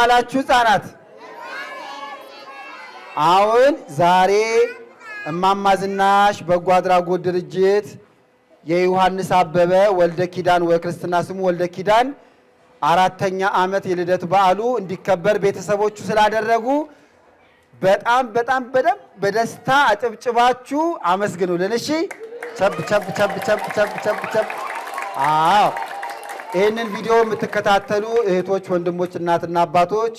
የዋላችሁ ህፃናት አሁን ዛሬ እማማዝናሽ በጎ አድራጎት ድርጅት የዮሐንስ አበበ ወልደ ኪዳን ወክርስትና ስሙ ወልደ ኪዳን አራተኛ ዓመት የልደት በዓሉ እንዲከበር ቤተሰቦቹ ስላደረጉ በጣም በጣም በደም በደስታ አጨብጭባችሁ አመስግኑልን። እሺ ቸብ ቸብ ቸብ ቸብ ቸብ ቸብ ቸብ አዎ ይህንን ቪዲዮ የምትከታተሉ እህቶች፣ ወንድሞች፣ እናትና አባቶች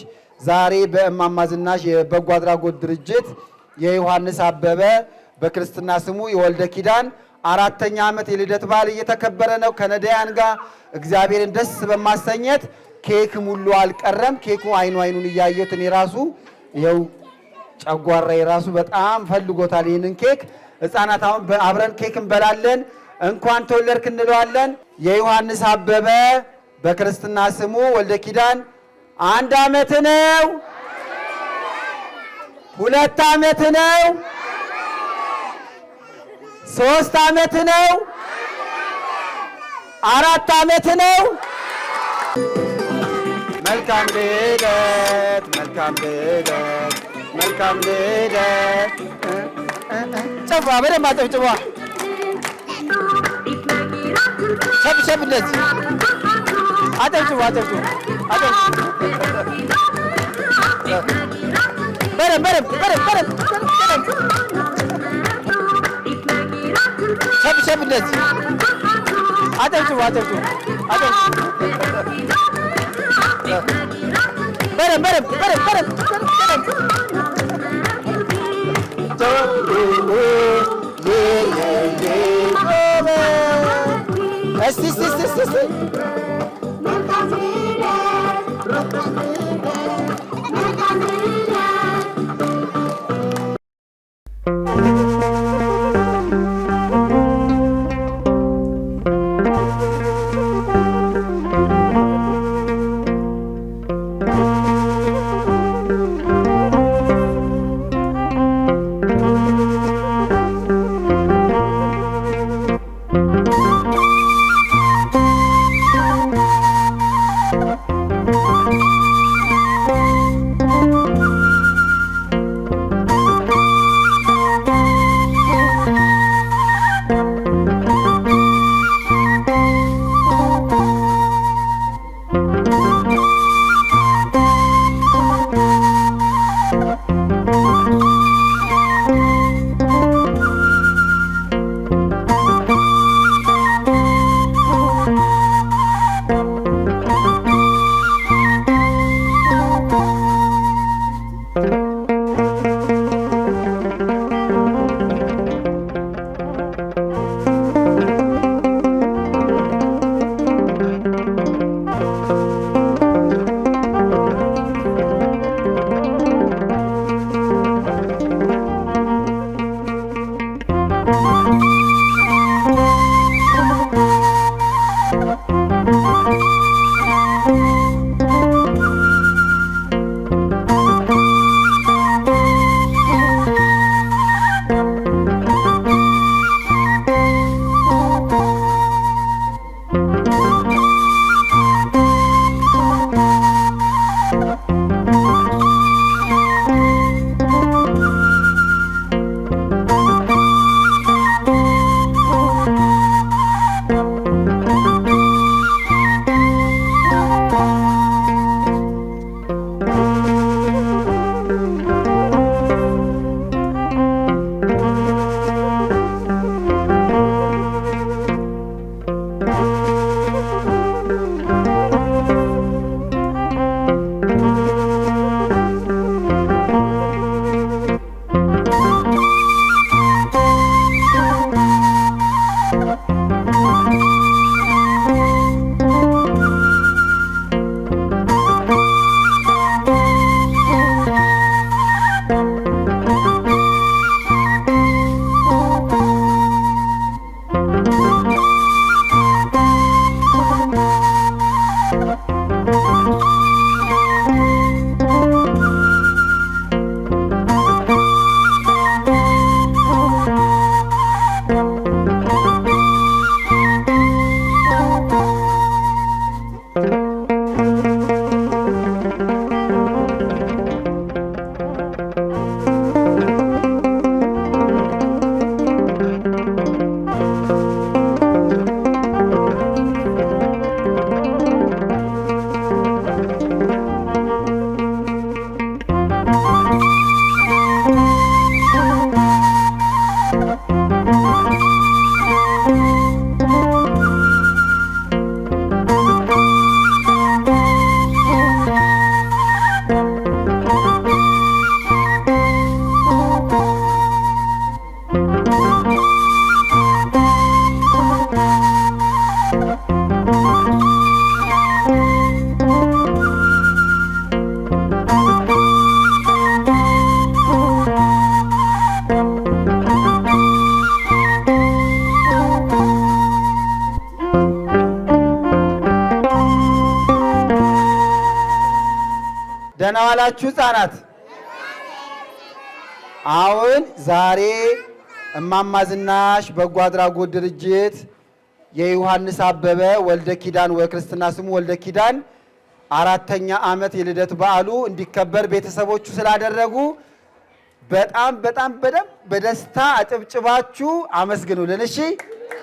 ዛሬ በእማማ ዝናሽ የበጎ አድራጎት ድርጅት የዮሐንስ አበበ በክርስትና ስሙ የወልደ ኪዳን አራተኛ ዓመት የልደት በዓል እየተከበረ ነው። ከነዳያን ጋር እግዚአብሔርን ደስ በማሰኘት ኬክ ሙሉ አልቀረም። ኬኩ አይኑ አይኑን እያየት እኔ ራሱ ይኸው ጨጓራ የራሱ በጣም ፈልጎታል ይህንን ኬክ። ህፃናት አሁን አብረን ኬክ እንበላለን። እንኳን ተወለድክ እንለዋለን። የዮሐንስ አበበ በክርስትና ስሙ ወልደ ኪዳን አንድ ዓመት ነው፣ ሁለት ዓመት ነው፣ ሶስት ዓመት ነው፣ አራት ዓመት ነው። መልካም ልደት፣ መልካም ልደት፣ መልካም ልደት። ጨፋ በደንብ አጨብጭቧ Çabuk çabuk net. Adem tu, Adem tu. Adem. Berem, berem, berem, berem. Berem. Çabuk çabuk net. Adem tu, Adem tu. Adem. Berem, berem, berem, berem. Berem. Berem. Berem. Vai, sim, sim, sim, sim, sim. Tá tá ደህና ዋላችሁ ህፃናት። አሁን ዛሬ እማማ ዝናሽ በጎ አድራጎት ድርጅት የዮሐንስ አበበ ወልደ ኪዳን ወክርስትና ስሙ ወልደ ኪዳን አራተኛ ዓመት የልደት በዓሉ እንዲከበር ቤተሰቦቹ ስላደረጉ በጣም በጣም በደም በደስታ አጨብጭባችሁ አመስግኑልን። እሺ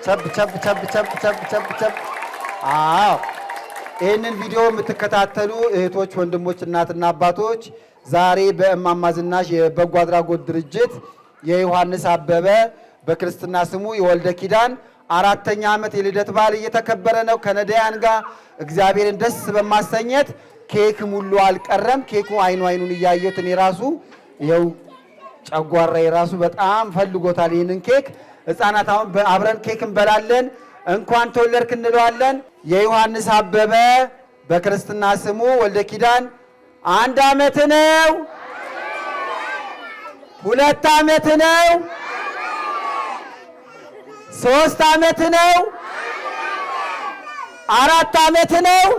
ቸብ ቸብ ቸብ ቸብ ቸብ ቸብ ቸብ። አዎ ይህንን ቪዲዮ የምትከታተሉ እህቶች፣ ወንድሞች፣ እናትና አባቶች ዛሬ በእማማ ዝናሽ የበጎ አድራጎት ድርጅት የዮሐንስ አበበ በክርስትና ስሙ የወልደ ኪዳን አራተኛ ዓመት የልደት በዓል እየተከበረ ነው። ከነዳያን ጋር እግዚአብሔርን ደስ በማሰኘት ኬክ ሙሉ አልቀረም። ኬኩ አይኑ አይኑን እያየት እኔ ራሱ ይኸው ጨጓራ የራሱ በጣም ፈልጎታል ይህንን ኬክ። ህፃናት አሁን አብረን ኬክ እንበላለን። እንኳን ተወለድክ እንለዋለን። የዮሐንስ አበበ በክርስትና ስሙ ወልደ ኪዳን አንድ ዓመት ነው? ሁለት ዓመት ነው? ሶስት ዓመት ነው? አራት ዓመት ነው?